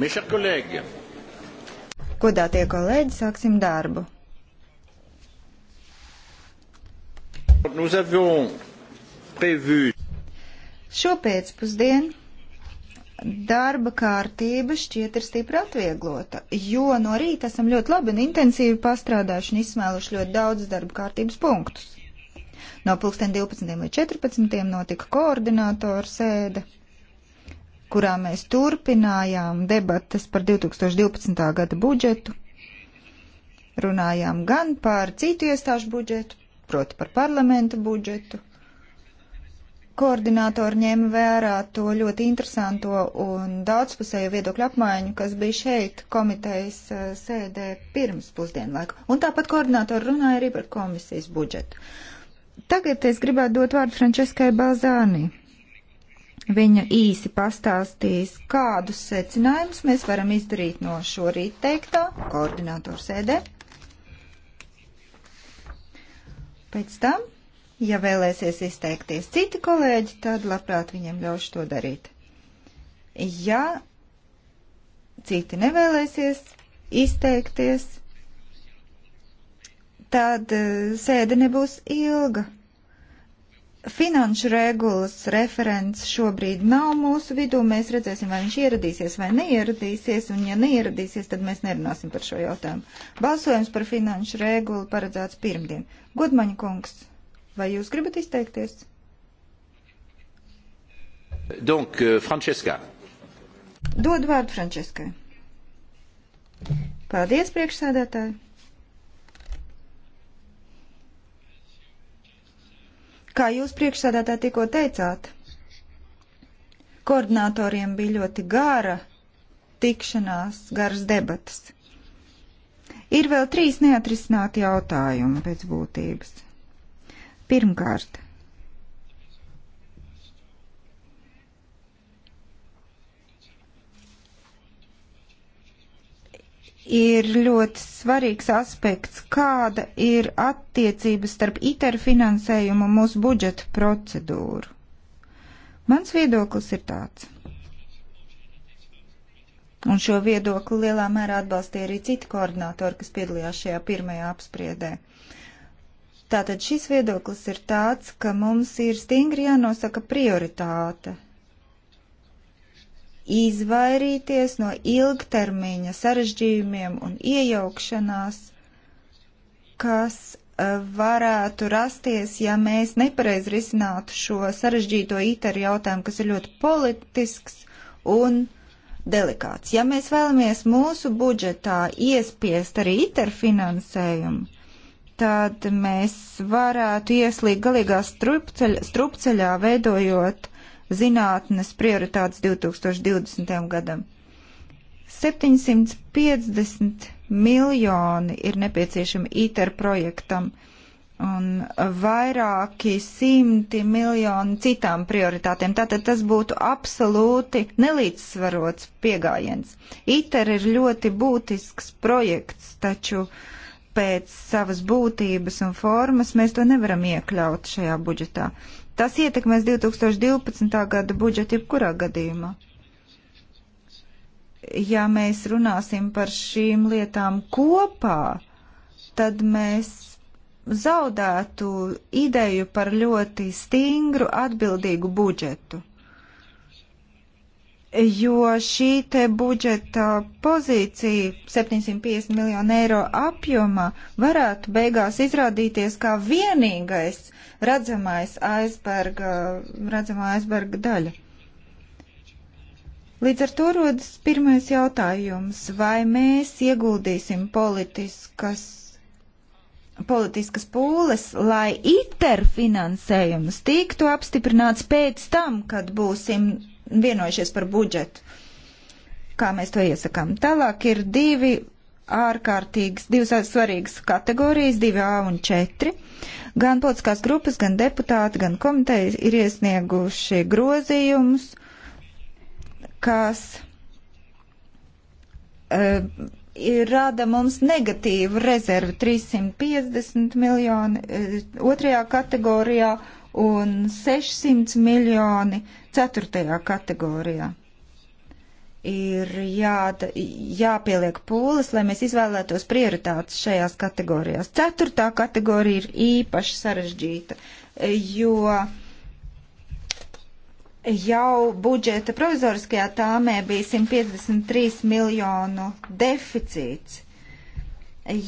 Mes chers collègues. Godātie kolēģi, sāksim darbu. Nous avions prévu. Šopēcpusdien darba kārtība šķiet ir stipri atvieglota, jo no rīta esam ļoti labi un intensīvi pastrādājuši un izsmēluši ļoti daudz darba kārtības punktus. No 2012. līdz 14. notika koordinātora sēde, kurā mēs turpinājām debatas par 2012. gada budžetu. Runājām gan par citu iestāžu budžetu, proti par parlamenta budžetu. Koordinātori ņēma vērā to ļoti interesanto un daudzpusējo viedokļu apmaiņu, kas bija šeit komitejas eh, sēdē pirms pusdienlaika. Un tāpat koordinātori runāja arī par komisijas budžetu. Tagad es gribētu dot vārdu Franceskai Balzāni. Viņa īsi pastāstīs, kādus secinājumus mēs varam izdarīt no šorīt teiktā koordinātoru sēdē. Pēc tam, ja vēlēsies izteikties citi kolēģi, tad labprāt viņiem ļaušu to darīt. Ja citi nevēlēsies izteikties, tad e, sēde nebūs ilga. Finanšu regulas referents šobrīd nav mūsu vidū. Mēs redzēsim, vai viņš ieradīsies vai neieradīsies, un ja neieradīsies, tad mēs nerunāsim par šo jautājumu. Balsojums par finanšu regulu paredzēts pirmdien. Godmaņa kungs, vai jūs gribat izteikties? Donc, euh, Frančiska. Dod vārdu Frančiskai. Paldies, priekšsēdētāji! Kā jūs priekšsēdētāji tikko teicāt, koordinatoriem bija ļoti gara tikšanās, garas debatas. Ir vēl trīs neatrisināti jautājumi pēc būtības. Pirmkārt, ir ļoti svarīgs aspekts, kāda ir attiecības starp ITER finansējumu un mūsu budžeta procedūru. Mans viedoklis ir tāds. Un šo viedokli lielā mērā atbalstīja arī citi koordinātori, kas piedalījās šajā pirmajā apspriedē. Tātad šis viedoklis ir tāds, ka mums ir stingri jānosaka prioritāte izvairīties no ilgtermiņa sarežģījumiem un iejaukšanās, kas e, varētu rasties, ja mēs nepareiz risinātu šo sarežģīto ITER jautājumu, kas ir ļoti politisks un delikāts. Ja mēs vēlamies mūsu budžetā iespiest arī ITER finansējumu, tad mēs varētu ieslīgt galīgā strupceļā, strupceļā veidojot zinātnes prioritātes 2020. gadam. 750 miljoni ir nepieciešami ITER projektam un vairāki simti miljoni citām prioritātēm. Tātad tas būtu absolūti nelīdzsvarots piegājiens. ITER ir ļoti būtisks projekts, taču pēc savas būtības un formas mēs to nevaram iekļaut šajā budžetā. Tas ietekmēs 2012. gada budžetu jebkurā gadījumā. Ja mēs runāsim par šīm lietām kopā, tad mēs zaudētu ideju par ļoti stingru atbildīgu budžetu jo šī te budžeta pozīcija 750 miljonu eiro apjomā varētu beigās izrādīties kā vienīgais redzamais aizberga, redzamā aizberga daļa. Līdz ar to rodas pirmais jautājums, vai mēs ieguldīsim politiskas, politiskas pūles, lai ITER finansējums tiktu apstiprināts pēc tam, kad būsim vienojušies par budžetu, kā mēs to iesakām. Tālāk ir divi ārkārtīgas, divas svarīgas kategorijas, 2A un 4. Gan politiskās grupas, gan deputāti, gan komitejas ir iesnieguši grozījumus, kas uh, e, ir, rada mums negatīvu rezervu 350 miljoni uh, otrajā kategorijā un 600 miljoni ceturtajā kategorijā. Ir jā, jāpieliek pūles, lai mēs izvēlētos prioritātes šajās kategorijās. Ceturtā kategorija ir īpaši sarežģīta, jo jau budžeta provizoriskajā tāmē bija 153 miljonu deficīts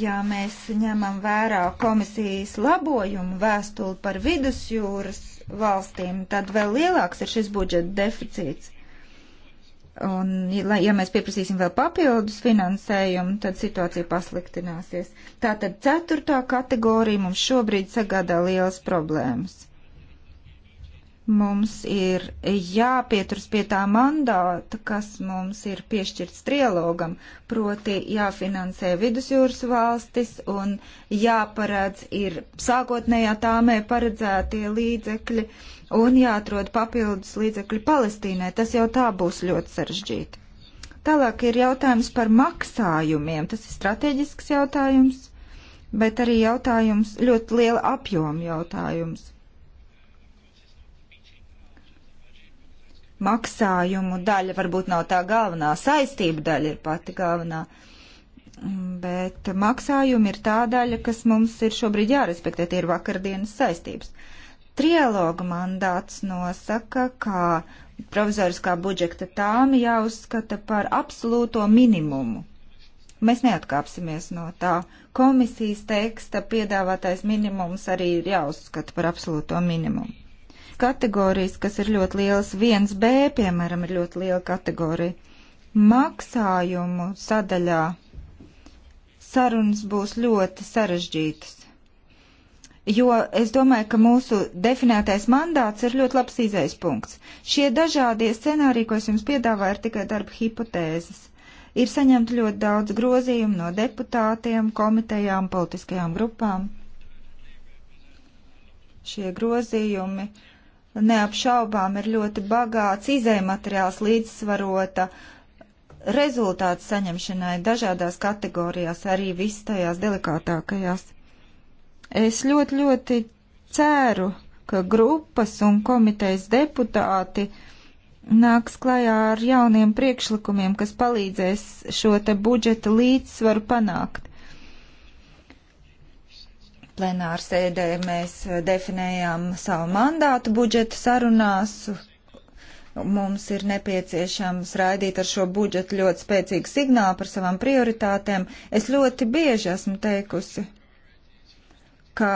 ja mēs ņemam vērā komisijas labojumu vēstuli par vidusjūras valstīm, tad vēl lielāks ir šis budžeta deficīts. Un, ja mēs pieprasīsim vēl papildus finansējumu, tad situācija pasliktināsies. Tātad ceturtā kategorija mums šobrīd sagādā lielas problēmas. Mums ir jāpieturas pie tā mandāta, kas mums ir piešķirts trialogam, proti jāfinansē vidusjūras valstis un jāparādz ir sākotnējā tāmē paredzētie līdzekļi un jāatrod papildus līdzekļi Palestīnai. Tas jau tā būs ļoti sarežģīti. Tālāk ir jautājums par maksājumiem. Tas ir strateģisks jautājums, bet arī jautājums ļoti liela apjoma jautājums. maksājumu daļa varbūt nav tā galvenā, saistību daļa ir pati galvenā. Bet maksājumi ir tā daļa, kas mums ir šobrīd jārespektē, tie ir vakardienas saistības. Trialoga mandāts nosaka, ka provizoriskā budžeta tām jāuzskata par absolūto minimumu. Mēs neatkāpsimies no tā. Komisijas teksta piedāvātais minimums arī ir jāuzskata par absolūto minimumu kategorijas, kas ir ļoti lielas. 1B, piemēram, ir ļoti liela kategorija. Maksājumu sadaļā sarunas būs ļoti sarežģītas. Jo es domāju, ka mūsu definētais mandāts ir ļoti labs izējas punkts. Šie dažādie scenāriji, ko es jums piedāvāju, ir tikai darba hipotēzes ir saņemta ļoti daudz grozījumu no deputātiem, komitejām, politiskajām grupām. Šie grozījumi neapšaubām ir ļoti bagāts izējumateriāls līdzsvarota rezultātu saņemšanai dažādās kategorijās, arī viss tajās delikātākajās. Es ļoti, ļoti ceru, ka grupas un komitejas deputāti nāks klajā ar jauniem priekšlikumiem, kas palīdzēs šo te budžeta līdzsvaru panākt plenārsēdē mēs eh, definējām savu mandātu budžeta sarunās. Mums ir nepieciešams raidīt ar šo budžetu ļoti spēcīgu signālu par savām prioritātēm. Es ļoti bieži esmu teikusi, ka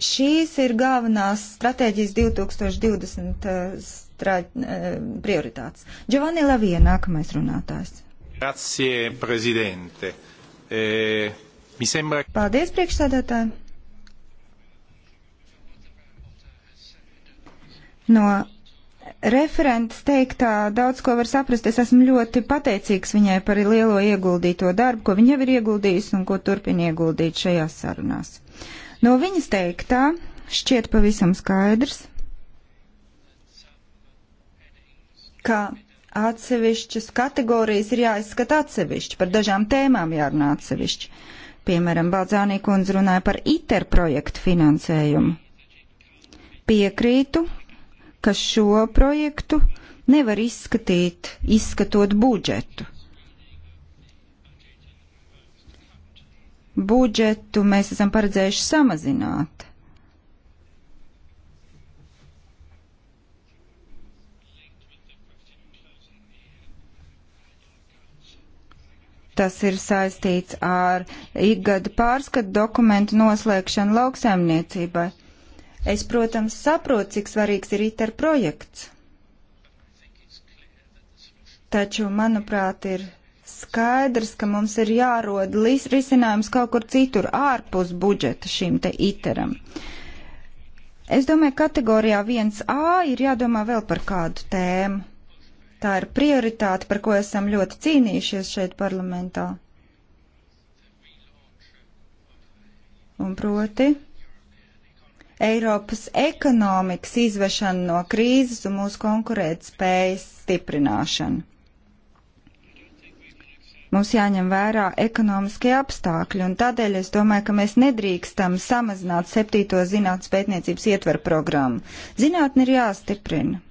šīs ir galvenās stratēģijas 2020 eh, stra eh, prioritātes. Giovanni Lavija, nākamais runātājs. Grazie, prezidente. E, sembra... Paldies, priekšsēdētāji. No referentes teiktā daudz ko var saprast. Es esmu ļoti pateicīgs viņai par lielo ieguldīto darbu, ko viņa jau ir ieguldījusi un ko turpina ieguldīt šajās sarunās. No viņas teiktā šķiet pavisam skaidrs, ka atsevišķas kategorijas ir jāizskata atsevišķi, par dažām tēmām jārunā atsevišķi. Piemēram, Balzānī kundze runāja par ITER projektu finansējumu. Piekrītu, ka šo projektu nevar izskatīt, izskatot budžetu. Budžetu mēs esam paredzējuši samazināt. Tas ir saistīts ar ikgada pārskatu dokumentu noslēgšanu lauksaimniecībai. Es, protams, saprotu, cik svarīgs ir ITER projekts. Taču, manuprāt, ir skaidrs, ka mums ir jārod risinājums kaut kur citur ārpus budžeta šim te ITERam. Es domāju, kategorijā 1A ir jādomā vēl par kādu tēmu. Tā ir prioritāte, par ko esam ļoti cīnījušies šeit parlamentā. Un proti Eiropas ekonomikas izvešanu no krīzes un mūsu konkurētspējas stiprināšanu. Mums jāņem vērā ekonomiskie apstākļi, un tādēļ es domāju, ka mēs nedrīkstam samazināt septīto zinātnes pētniecības ietveru programmu. Zinātni ir jāstiprina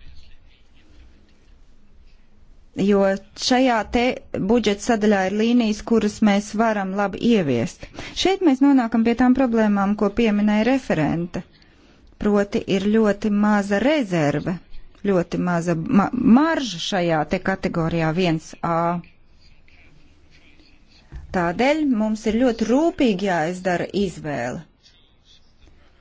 jo šajā te budžeta sadaļā ir līnijas, kuras mēs varam labi ieviest. Šeit mēs nonākam pie tām problēmām, ko pieminēja referente. Proti ir ļoti maza rezerve, ļoti maza ma marža šajā te kategorijā 1A. Tādēļ mums ir ļoti rūpīgi jāizdara izvēle.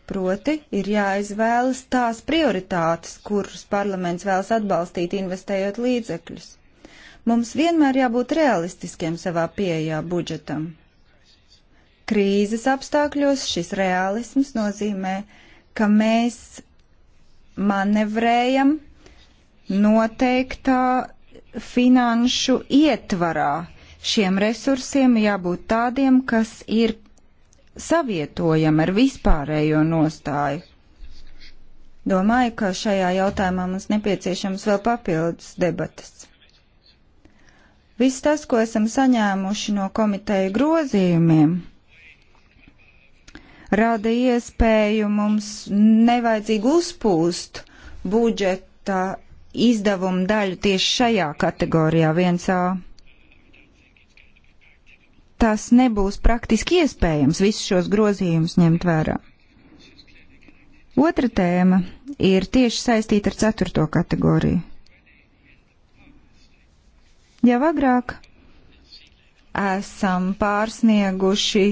Proti, ir jāizvēlas tās prioritātes, kuras parlaments vēlas atbalstīt, investējot līdzekļus. Mums vienmēr jābūt realistiskiem savā pieejā budžetam. Krīzes apstākļos šis realisms nozīmē, ka mēs manevrējam noteiktā finanšu ietvarā. Šiem resursiem jābūt tādiem, kas ir savietojami ar vispārējo nostāju. Domāju, ka šajā jautājumā mums nepieciešams vēl papildus debatas. Viss tas, ko esam saņēmuši no komiteju grozījumiem, rada iespēju mums nevajadzīgi uzpūst budžeta izdevumu daļu tieši šajā kategorijā 1A. Tas nebūs praktiski iespējams visus šos grozījumus ņemt vērā. Otra tēma ir tieši saistīta ar ceturto kategoriju. Jau agrāk esam pārsnieguši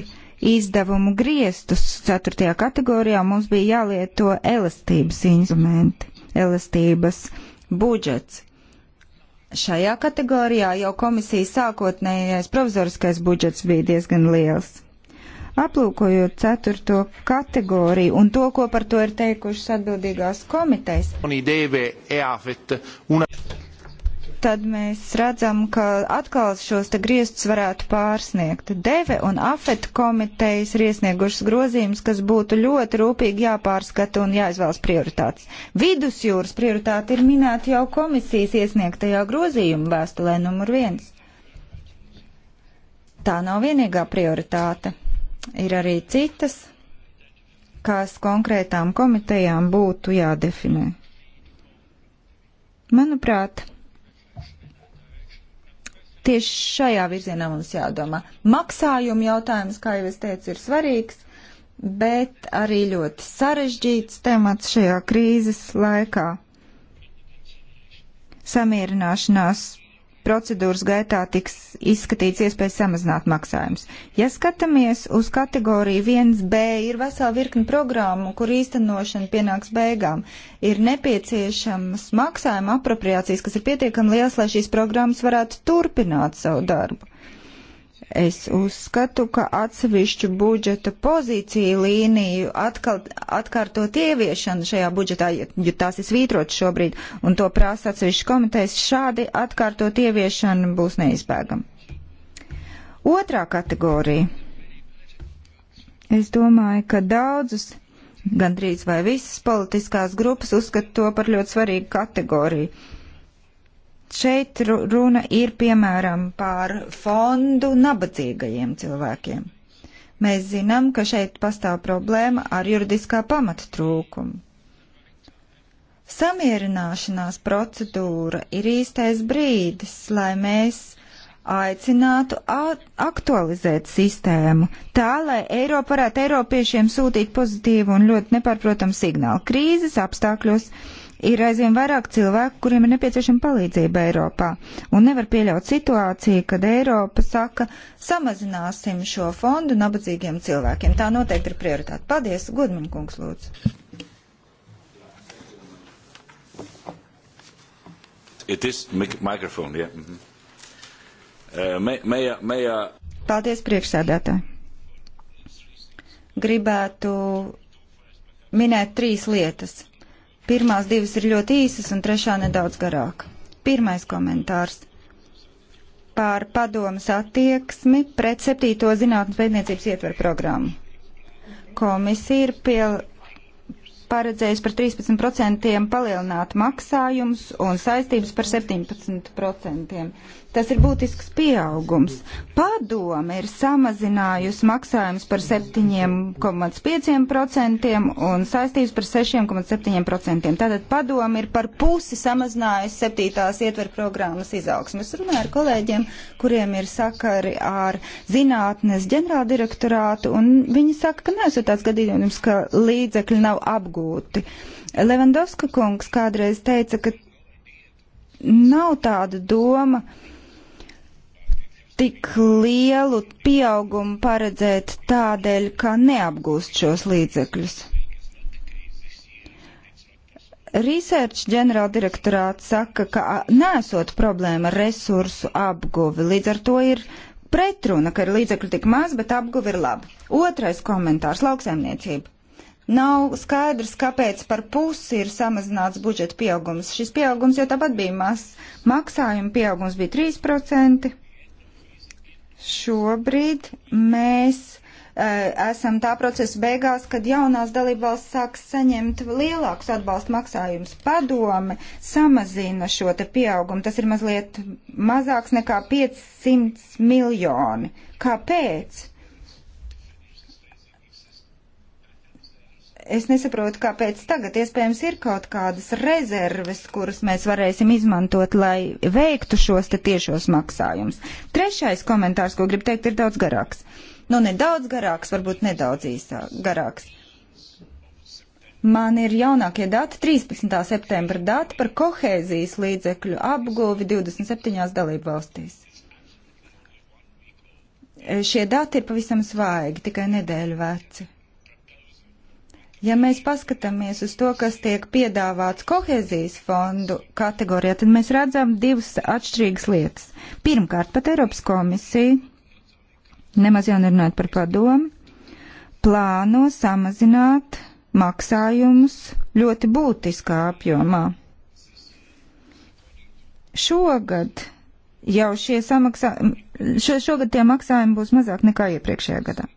izdevumu griestus 4. kategorijā, mums bija jālieto elastības instrumenti, elastības budžets. Šajā kategorijā jau komisijas sākotnējais provizoriskais budžets bija diezgan liels. Aplūkojot ceturto kategoriju un to, ko par to ir teikušas atbildīgās komitejas tad mēs redzam, ka atkal šos te griestus varētu pārsniegt. Deve un afet komitejas ir iesniegušas grozījumus, kas būtu ļoti rūpīgi jāpārskata un jāizvēlas prioritātes. Vidusjūras prioritāte ir minēta jau komisijas iesniegtajā grozījuma vēstulē numur viens. Tā nav vienīgā prioritāte. Ir arī citas, kas konkrētām komitejām būtu jādefinē. Manuprāt, Tieši šajā virzienā mums jādomā. Maksājumu jautājums, kā jau es teicu, ir svarīgs, bet arī ļoti sarežģīts temats šajā krīzes laikā. Samierināšanās procedūras gaitā tiks izskatīts iespējas samazināt maksājumus. Ja skatāmies uz kategoriju 1B, ir vesela virkni programmu, kur īstenošana pienāks beigām. Ir nepieciešamas maksājuma apropriācijas, kas ir pietiekami liels, lai šīs programmas varētu turpināt savu darbu. Es uzskatu, ka atsevišķu budžeta pozīciju līniju atkal, atkārtot ieviešana šajā budžetā, jo tās ir svītrotas šobrīd, un to prasa atsevišķu komitejas, šādi atkārtot ieviešana būs neizbēgama. Otrā kategorija. Es domāju, ka daudzus, gandrīz vai visas politiskās grupas uzskata to par ļoti svarīgu kategoriju Šeit runa ir piemēram par fondu nabadzīgajiem cilvēkiem. Mēs zinām, ka šeit pastāv problēma ar juridiskā pamata trūkumu. Samierināšanās procedūra ir īstais brīdis, lai mēs aicinātu aktualizēt sistēmu, tā lai Eiropa varētu Eiropiešiem sūtīt pozitīvu un ļoti nepārprotamu signālu krīzes apstākļos ir aizvien vairāk cilvēku, kuriem ir nepieciešama palīdzība Eiropā. Un nevar pieļaut situāciju, kad Eiropa saka, samazināsim šo fondu nabadzīgiem cilvēkiem. Tā noteikti ir prioritāte. Paldies, Godmaņa kungs, lūdzu. It is microphone, yeah. Mm -hmm. uh, may, may, may, uh... Paldies, priekšsēdētāji. Gribētu minēt trīs lietas. Pirmās divas ir ļoti īsas un trešā nedaudz garāka. Pirmais komentārs par padomas attieksmi pret septīto zinātnes veidniecības ietveru programmu. Komisija ir pie, paredzējusi par 13% palielināt maksājumus un saistības par 17%. Tas ir būtisks pieaugums. Padome ir samazinājusi maksājumus par 7,5% un saistības par 6,7%. Tātad padome ir par pusi samazinājusi septītās ietver programmas izaugsmes. Runāju ar kolēģiem, kuriem ir sakari ar zinātnes ģenerāldirektorātu, un viņi saka, ka nesot tāds gadījums, ka līdzekļi nav apgūti. Levandovska kungs kādreiz teica, ka nav tāda doma, uh, tik lielu pieaugumu paredzēt tādēļ, ka neapgūst šos līdzekļus? Research ģenerāla direktorāts saka, ka nesot problēma ar resursu apguvi, līdz ar to ir pretruna, ka ir līdzekļu tik maz, bet apguvi ir labi. Otrais komentārs - lauksaimniecība. Nav skaidrs, kāpēc par pusi ir samazināts budžeta pieaugums. Šis pieaugums jau tāpat bija mazs. Maksājuma pieaugums bija 3%. Šobrīd mēs eh, esam tā procesa beigās, kad jaunās dalībvalsts sāks saņemt lielākus atbalstu maksājumus. Padome samazina šo te pieaugumu. Tas ir mazliet mazāks nekā 500 miljoni. Kāpēc? es nesaprotu, kāpēc tagad iespējams ir kaut kādas rezerves, kuras mēs varēsim izmantot, lai veiktu šos te tiešos maksājumus. Trešais komentārs, ko gribu teikt, ir daudz garāks. Nu, nedaudz garāks, varbūt nedaudz īsāk garāks. Man ir jaunākie dati, 13. septembra dati par kohēzijas līdzekļu apguvi 27 dalību valstīs. Šie dati ir pavisam svaigi, tikai nedēļu veci. Ja mēs paskatāmies uz to, kas tiek piedāvāts kohēzijas fondu kategorijā, tad mēs redzam divas atšķirīgas lietas. Pirmkārt, pat Eiropas komisija, nemaz jau nerunājot par padomu, plāno samazināt maksājumus ļoti būtiskā apjomā. Šogad jau šie samaksā, šo, šogad tie maksājumi būs mazāk nekā iepriekšējā gadā.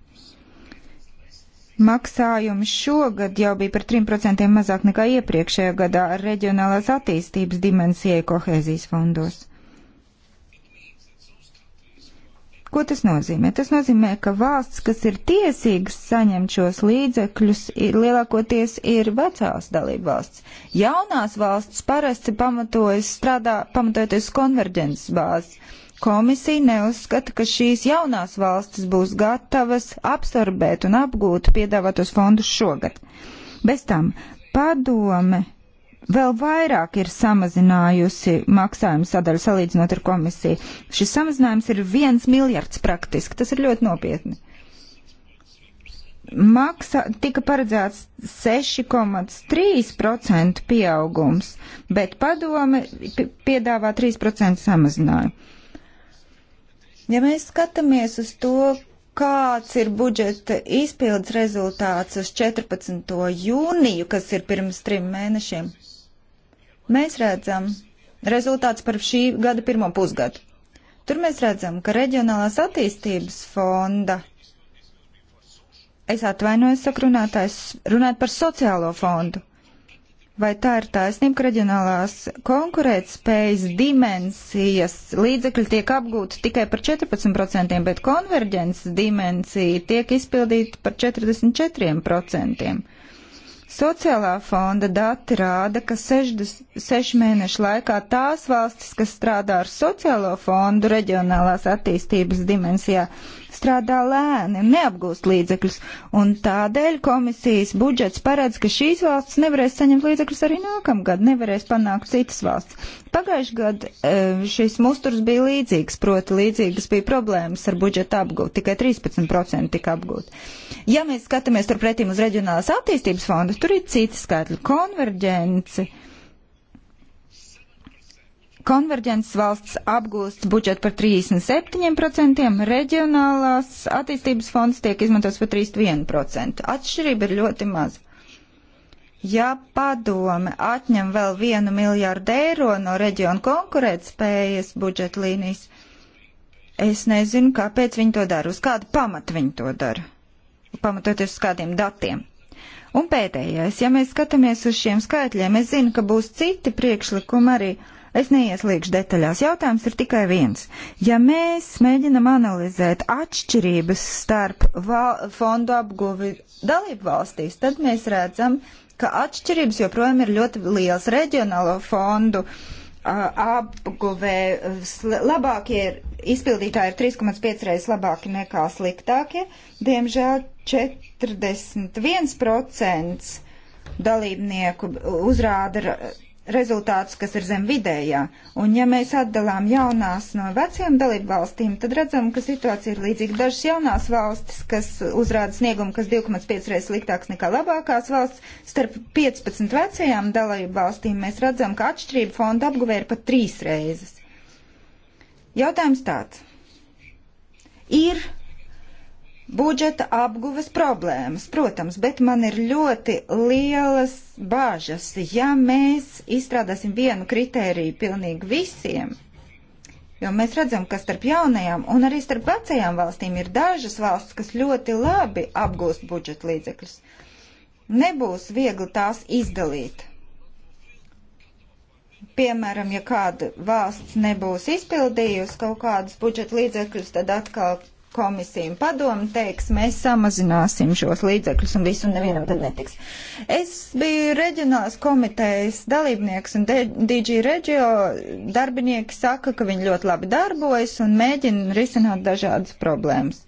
Maksājumi šogad jau bija par 3% mazāk nekā iepriekšējā gadā ar reģionālās attīstības dimensijai kohēzijas fondos. Ko tas nozīmē? Tas nozīmē, ka valsts, kas ir tiesīgas saņemt šos līdzekļus, ir, lielākoties ir vecās dalība valsts. Jaunās valsts parasti pamatojas strādā, pamatojoties konverģences bāzes Komisija neuzskata, ka šīs jaunās valstis būs gatavas absorbēt un apgūt piedāvātos fondus šogad. Bez tam padome vēl vairāk ir samazinājusi maksājumu sadaļu salīdzinot ar komisiju. Šis samazinājums ir viens miljards praktiski. Tas ir ļoti nopietni. Maksa tika paredzēts 6,3% pieaugums, bet padome piedāvā 3% samazinājumu. Ja mēs skatāmies uz to, kāds ir budžeta izpildes rezultāts uz 14. jūniju, kas ir pirms trim mēnešiem, mēs redzam rezultāts par šī gada pirmo pusgadu. Tur mēs redzam, ka reģionālās attīstības fonda, es atvainojos, saka runātājs, runāt par sociālo fondu. Vai tā ir taisnība, ka reģionālās konkurētspējas dimensijas līdzekļi tiek apgūti tikai par 14%, bet konverģences dimensija tiek izpildīta par 44%? Sociālā fonda dati rāda, ka 6 mēnešu laikā tās valstis, kas strādā ar sociālo fondu reģionālās attīstības dimensijā, strādā lēni un neapgūst līdzekļus. Un tādēļ komisijas budžets paredz, ka šīs valsts nevarēs saņemt līdzekļus arī nākamgad, nevarēs panākt citas valsts. Pagājuši gadu e, šis musturs bija līdzīgs, proti līdzīgas bija problēmas ar budžetu apgūt, tikai 13% tika apgūt. Ja mēs skatāmies turpretīm uz reģionālās attīstības fondu, tur ir citi skaitļi - konverģenci Konverģences valsts apgūst budžetu par 37%, reģionālās attīstības fonds tiek izmantots par 31%. Atšķirība ir ļoti maza. Ja padome atņem vēl vienu miljārdu eiro no reģionu konkurētspējas budžeta līnijas, es nezinu, kāpēc viņi to dara, uz kādu pamatu viņi to dara, pamatoties uz kādiem datiem. Un pēdējais, ja mēs skatāmies uz šiem skaitļiem, es zinu, ka būs citi priekšlikumi arī. Uh, Es neieslīgšu detaļās. Jautājums ir tikai viens. Ja mēs mēģinam analizēt atšķirības starp fondu apguvi dalību valstīs, tad mēs redzam, ka atšķirības joprojām ir ļoti liels reģionālo fondu apguvē. Labākie ir, izpildītāji ir 3,5 reizes labāki nekā sliktākie. Diemžēl 41% dalībnieku uzrāda rezultātus, kas ir zem vidējā. Un ja mēs atdalām jaunās no vecajām dalību valstīm, tad redzam, ka situācija ir līdzīga. Dažas jaunās valstis, kas uzrāda sniegumu, kas 2,5 reizes sliktāks nekā labākās valsts, starp 15 vecajām dalību valstīm mēs redzam, ka atšķirība fonda apguvē ir pat trīs reizes. Jautājums tāds. Ir budžeta apguves problēmas, protams, bet man ir ļoti lielas bāžas, ja mēs izstrādāsim vienu kritēriju pilnīgi visiem, Jo mēs redzam, ka starp jaunajām un arī starp vecajām valstīm ir dažas valsts, kas ļoti labi apgūst budžeta līdzekļus. Nebūs viegli tās izdalīt. Piemēram, ja kāda valsts nebūs izpildījusi kaut kādus budžeta līdzekļus, tad atkal komisija un padomu teiks, mēs samazināsim šos līdzekļus un visu un nevienam tad netiks. Es biju reģionāls komitejas dalībnieks un DG Regio darbinieki saka, ka viņi ļoti labi darbojas un mēģina risināt dažādas problēmas.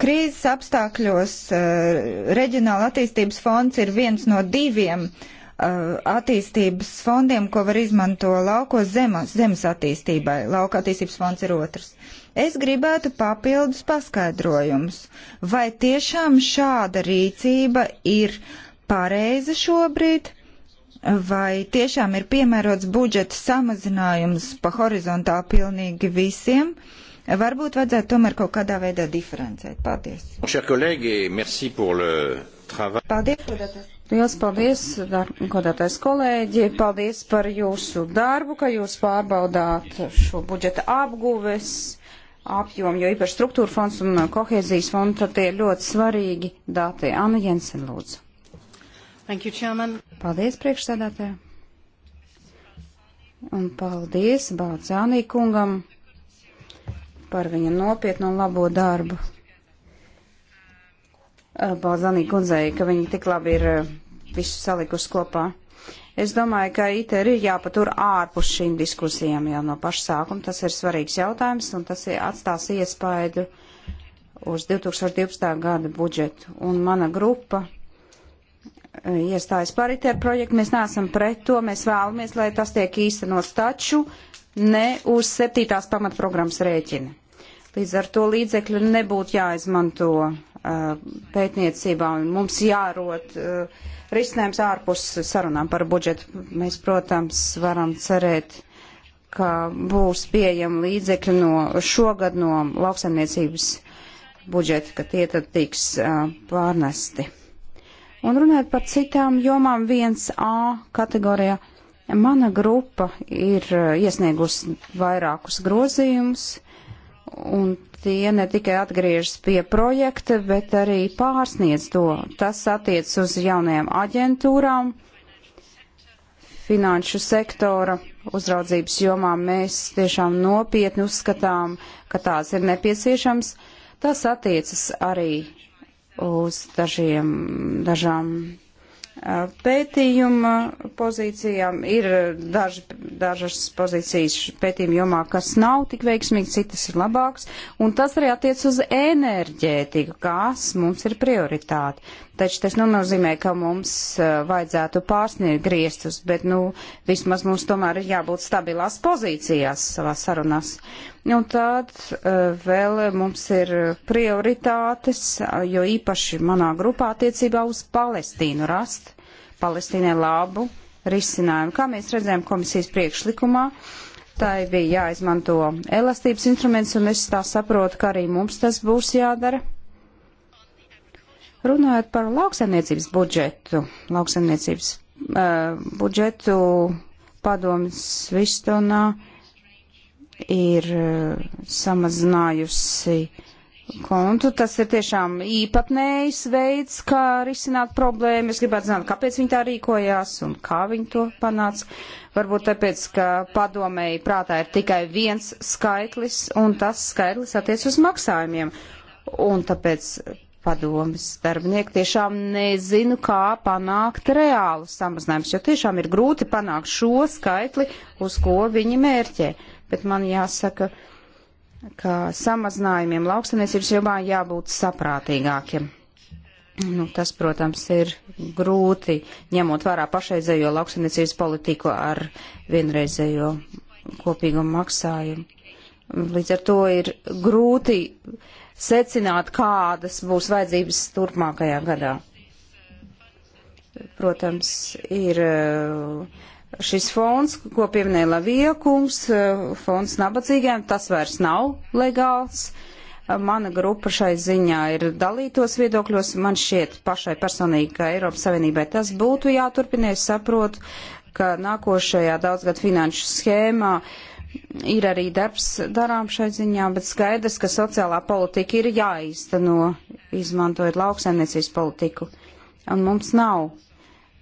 Krīzes apstākļos uh, reģionāla attīstības fonds ir viens no diviem uh, attīstības fondiem, ko var izmanto laukos zemes, zemes attīstībai. Lauka attīstības fonds ir otrs. Es gribētu papildus paskaidrojumus. Vai tiešām šāda rīcība ir pareiza šobrīd? Vai tiešām ir piemērots budžeta samazinājums pa horizontā pilnīgi visiem? Varbūt vajadzētu tomēr kaut kādā veidā diferencēt. Paldies. Paldies, godātais. Liels paldies, godātais kolēģi. Paldies par jūsu darbu, ka jūs pārbaudāt šo budžeta apguves apjomu, jo īpaši struktūra fonds un uh, kohēzijas fonds, tad tie ir ļoti svarīgi dati. Anna Jensen, lūdzu. Thank you, Chairman. Paldies, priekšsēdētāji. Un paldies Bācānī kungam par viņa nopietnu un labo darbu. Uh, Bācānī kundzei, ka viņi tik labi ir uh, visu salikusi kopā. Es domāju, ka ITER ir jāpatur ārpus šīm diskusijām jau no paša sākuma. Tas ir svarīgs jautājums un tas atstās iespaidu uz 2012. gada budžetu. Un mana grupa e, iestājas par ITER projektu. Mēs neesam pret to, mēs vēlamies, lai tas tiek īstenots taču ne uz septītās pamatprogrammas rēķina. Līdz ar to līdzekļu nebūtu jāizmanto uh, pētniecībā un mums jārot. Uh, risinājums ārpus sarunām par budžetu. Mēs, protams, varam cerēt, ka būs pieejama līdzekļi no šogad no lauksaimniecības budžeta, ka tie tad tiks uh, pārnesti. Un runājot par citām jomām 1A kategorijā, mana grupa ir iesniegusi vairākus grozījumus, un tie ne tikai atgriežas pie projekta, bet arī pārsniedz to. Tas attiec uz jaunajām aģentūrām, finanšu sektora uzraudzības jomā. Mēs tiešām nopietni uzskatām, ka tās ir nepieciešams. Tas attiecas arī uz dažiem, dažām pētījuma pozīcijām. Ir daži dažas pozīcijas pētījuma jomā, kas nav tik veiksmīgi, citas ir labākas, un tas arī attiec uz enerģētiku, kas mums ir prioritāte. Taču tas nu nozīmē, ka mums eh, vajadzētu pārsniegt griestus, bet nu, vismaz mums tomēr ir jābūt stabilās pozīcijās savā sarunās. Un tad eh, vēl mums ir prioritātes, jo īpaši manā grupā attiecībā uz Palestīnu rast Palestīnai labu risinājumu. Kā mēs redzējām komisijas priekšlikumā, tai bija jāizmanto elastības instruments, un es tā saprotu, ka arī mums tas būs jādara. Runājot par lauksaimniecības budžetu, lauksaimniecības uh, budžetu padomjas Vistonā ir uh, samazinājusi uh, kontu. Nu, tas ir tiešām īpatnējs veids, kā risināt problēmu. Es gribētu zināt, kāpēc viņi tā rīkojās un kā viņi to panāca. Varbūt tāpēc, ka padomēji prātā ir tikai viens skaitlis, un tas skaitlis attiec uz maksājumiem. Un tāpēc padomis darbinieki tiešām nezinu, kā panākt reālu samazinājumus, jo tiešām ir grūti panākt šo skaitli, uz ko viņi mērķē. Bet man jāsaka, uh, ka samazinājumiem lauksaniecības jomā jābūt saprātīgākiem. Nu, tas, protams, ir grūti ņemot vērā pašreizējo lauksaniecības politiku ar vienreizējo kopīgo maksājumu. Līdz ar to ir grūti secināt, kādas būs vajadzības turpmākajā gadā. Protams, ir uh, šis fonds, ko pieminēja Lavija kungs, eh, fonds nabadzīgiem, tas vairs nav legāls. Eh, mana grupa šai ziņā ir dalītos viedokļos. Man šķiet pašai personīgi, ka Eiropas Savienībai tas būtu jāturpina. Es saprotu, ka nākošajā daudzgad finanšu schēmā ir arī darbs darām šai ziņā, bet skaidrs, ka sociālā politika ir jāīsteno, izmantojot lauksaimniecības politiku. Un mums nav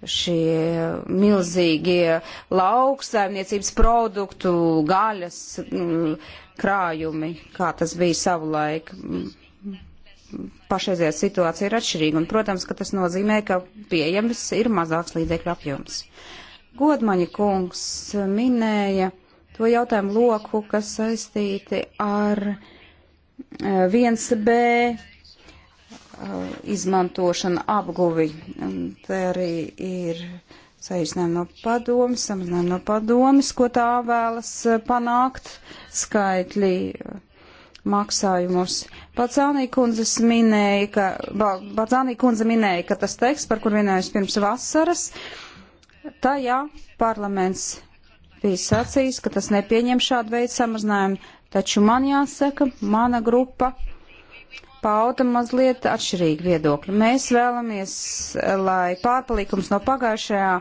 šie milzīgie lauksaimniecības produktu, gaļas mm, krājumi, kā tas bija savulaik. Pašreizējā situācija ir atšķirīga, un, protams, ka tas nozīmē, ka pieejams ir mazāks līdzekļu apjoms. Godmaņa kungs minēja to jautājumu loku, kas saistīti ar 1B eh, Uh, izmantošana apguvi. Un te arī ir saīsinājumi no padomas, samazinājumi no padomas, ko tā vēlas uh, panākt skaitļi uh, maksājumus. Pacānī kundze minēja, ka, Pacānī kundze minēja, ka tas teksts, par kur vienojos pirms vasaras, tajā parlaments bija sacījis, ka tas nepieņem šādu veidu samazinājumu, taču man jāsaka, mana grupa pauda mazliet atšķirīgi viedokļi. Mēs vēlamies, lai pārpalikums no pagājušajā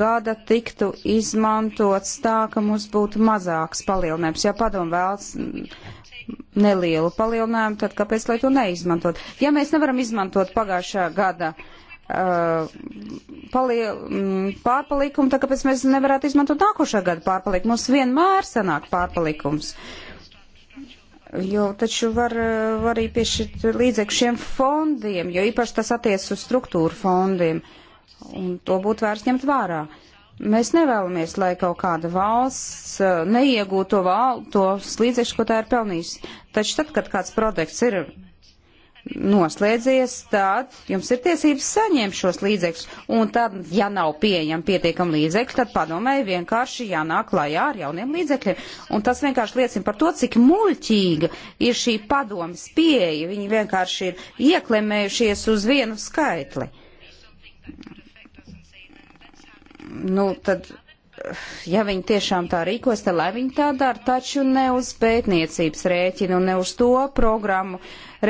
gada tiktu izmantots tā, ka mums būtu mazāks palielinājums. Ja padomu vēlas nelielu palielinājumu, tad kāpēc lai to neizmantot? Ja mēs nevaram izmantot pagājušā gada uh, paliel, mm, pārpalikumu, tad kāpēc mēs nevarētu izmantot nākošā gada pārpalikumu? Mums vienmēr sanāk pārpalikums. Uh, jo taču var, var arī piešķirt līdzekļu šiem fondiem, jo īpaši tas attiec uz struktūru fondiem, un to būtu vērts ņemt vērā. Mēs nevēlamies, lai kaut kāda valsts uh, neiegūtu to, val, to līdzekļu, ko tā ir pelnījusi. Taču tad, kad kāds projekts ir noslēdzies, tad jums ir tiesības saņemt šos līdzekļus. Un tad, ja nav pieejama pietiekama līdzekļa, tad padomēji vienkārši jānāk klajā ar jauniem līdzekļiem. Un tas vienkārši liecina par to, cik muļķīga ir šī padomas pieeja. Viņi vienkārši ir ieklemējušies uz vienu skaitli. Nu, tad ja viņi tiešām tā rīkos, tad lai viņi tā dara, taču ne uz pētniecības rēķinu, ne uz to programmu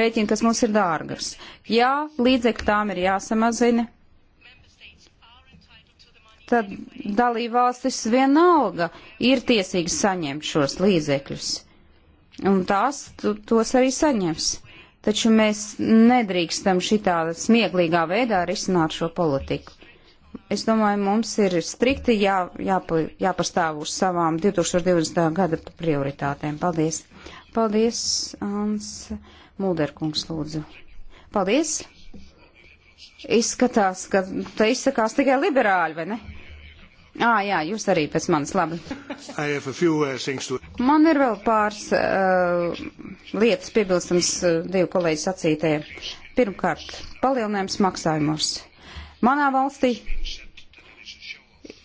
rēķinu, kas mums ir dārgas. Jā, līdzekļi tām ir jāsamazina, tad dalībvalstis vienalga ir tiesīgi saņemt šos līdzekļus. Un tās tos arī saņems. Taču mēs nedrīkstam šitā smieklīgā veidā risināt šo politiku. Es domāju, mums ir strikti jā, jāpa, jāpastāv uz savām 2020. gada prioritātēm. Paldies! Paldies, Ans Mulderkungs, lūdzu. Paldies! Izskatās, ka te izsakās tikai liberāļi, vai ne? Ā, ah, jā, jūs arī pēc manis labi. Few, uh, to... Man ir vēl pāris uh, lietas piebilstams uh, divu kolēģu sacītē. Pirmkārt, palielinājums maksājumos. Uh, Manā valstī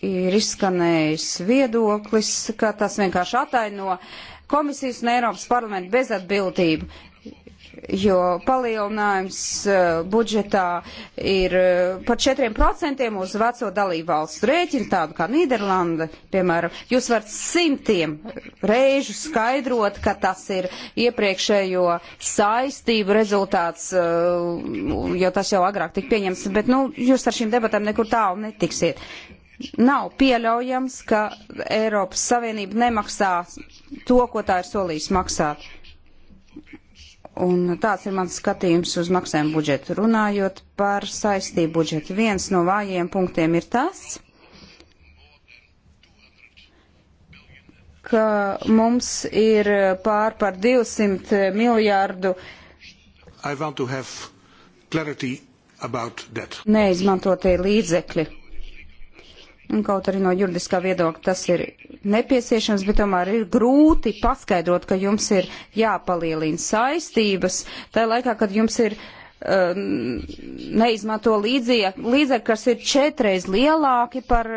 ir izskanējis viedoklis, ka tas vienkārši ataino komisijas un Eiropas parlamentu bezatbildību jo palielinājums e, budžetā ir e, par 4% uz veco dalību valstu rēķinu, tādu kā Nīderlanda, piemēram. Jūs varat simtiem reižu skaidrot, ka tas ir iepriekšējo saistību rezultāts, e, jo tas jau agrāk tika pieņemts, bet nu, jūs ar šīm debatēm nekur tālu netiksiet nav pieļaujams, ka Eiropas Savienība nemaksā to, ko tā ir solījusi maksāt. Un tāds ir mans skatījums uz maksājumu budžetu. Runājot par saistību budžetu, viens no vājiem punktiem ir tas, ka mums ir pār par 200 miljārdu neizmantotie līdzekļi. Un kaut arī no juridiskā viedokļa tas ir nepieciešams, bet tomēr ir grūti paskaidrot, ka jums ir jāpalielina saistības, tā laikā, kad jums ir uh, neizmanto līdzekļi, kas ir četreiz lielāki par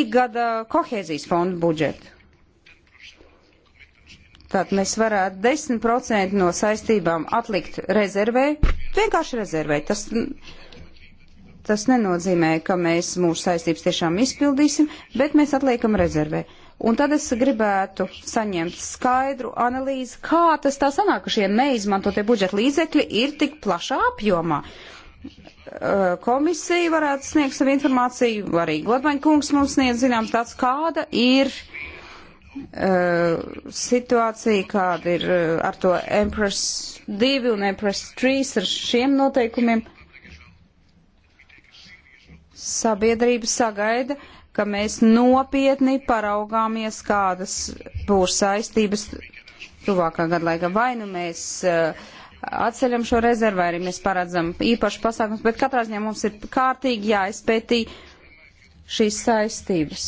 ikgada kohēzijas fondu budžetu. Tātad mēs varētu 10% no saistībām atlikt rezervē, vienkārši rezervē. Tas, Tas nenozīmē, ka mēs mūsu saistības tiešām izpildīsim, bet mēs atliekam rezervē. Un tad es gribētu saņemt skaidru analīzi, kā tas tā sanāk, ka šie neizmantotie budžeta līdzekļi ir tik plašā apjomā. Uh, komisija varētu sniegt savu informāciju, arī Gladmaņkungs mums sniedz zināms tāds, kāda ir uh, situācija, kāda ir uh, ar to Empress 2 un Empress 3 ar šiem noteikumiem sabiedrība sagaida, ka mēs nopietni paraugāmies, kādas būs saistības tuvākā gada laikā. Vai nu mēs uh, atceļam šo rezervu, vai arī mēs paredzam īpašu pasākumus, bet katrā ziņā mums ir kārtīgi jāizpētī šīs saistības.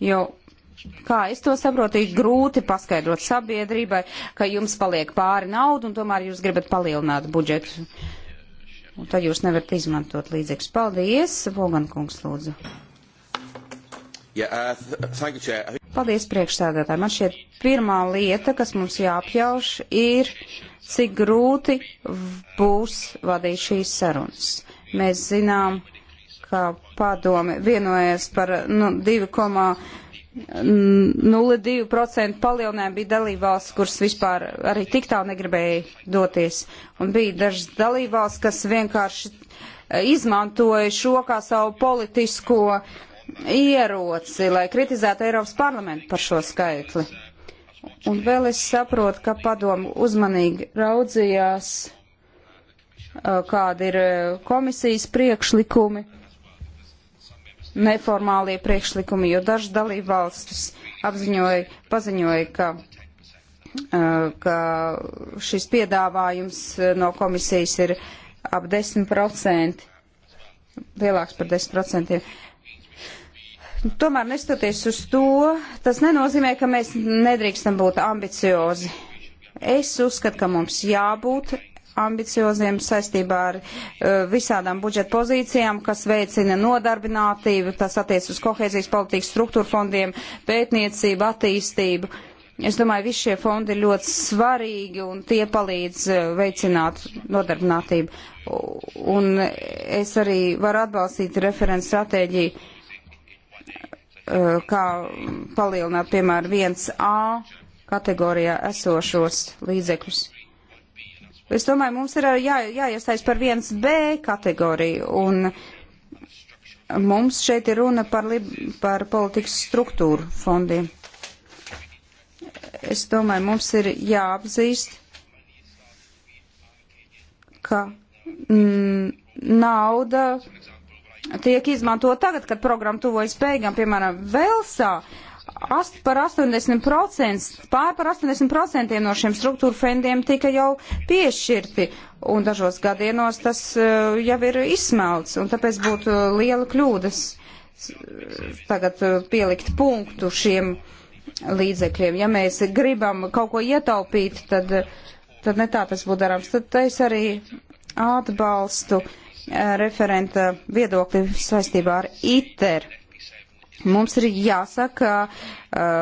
Jo, kā es to saprotu, ir grūti paskaidrot sabiedrībai, ka jums paliek pāri naudu un tomēr jūs gribat palielināt budžetu. Uh, Un tad jūs nevarat izmantot līdzekļus. Paldies, Vogan kungs, lūdzu. Yeah, uh, you, Paldies, priekšsēdētāji. Man šķiet, pirmā lieta, kas mums jāapjauš, ir, cik grūti būs vadīt šīs sarunas. Mēs zinām, ka padome vienojas par nu, 2, 0,2% palielinājumu bija dalībvalsts, kuras vispār arī tik tālu negribēja doties. Un bija dažas dalībvalsts, kas vienkārši eh, izmantoja šo kā savu politisko ieroci, lai kritizētu Eiropas parlamentu par šo skaitli. Un vēl es saprotu, ka padomu uzmanīgi raudzījās, eh, kāda ir eh, komisijas priekšlikumi neformālie priekšlikumi, jo dažas dalībvalstis apziņoja, paziņoja, ka, ka šis piedāvājums no komisijas ir ap 10%, lielāks par 10%. Tomēr, nestoties uz to, tas nenozīmē, ka mēs nedrīkstam būt ambiciozi. Es uzskatu, ka mums jābūt ambicioziem saistībā ar uh, visādām budžeta pozīcijām, kas veicina nodarbinātību, tas attiec uz kohēzijas politikas struktūra fondiem, pētniecību, attīstību. Es domāju, visi šie fondi ir ļoti svarīgi un tie palīdz uh, veicināt nodarbinātību. Un es arī varu atbalstīt referents stratēģiju, uh, kā palielināt, piemēram, 1A kategorijā esošos līdzekļus. Es domāju, mums ir jā, jāiestājas par viens B kategoriju, un mums šeit ir runa par, lib, par politikas struktūru fondiem. Es domāju, mums ir jāapzīst, ka mm, nauda tiek izmantot tagad, kad programma tuvojas beigām, piemēram, Velsā. Uh, ast, par 80%, pār par 80% no šiem struktūra fendiem tika jau piešķirti, un dažos gadienos tas eh, jau ir izsmelts, un tāpēc būtu eh, liela kļūdas tagad eh, pielikt punktu šiem līdzekļiem. Ja mēs gribam kaut ko ietaupīt, tad, tad ne tā tas būtu darāms. Tad es arī atbalstu referenta viedokli saistībā ar ITER Mums ir jāsaka, ka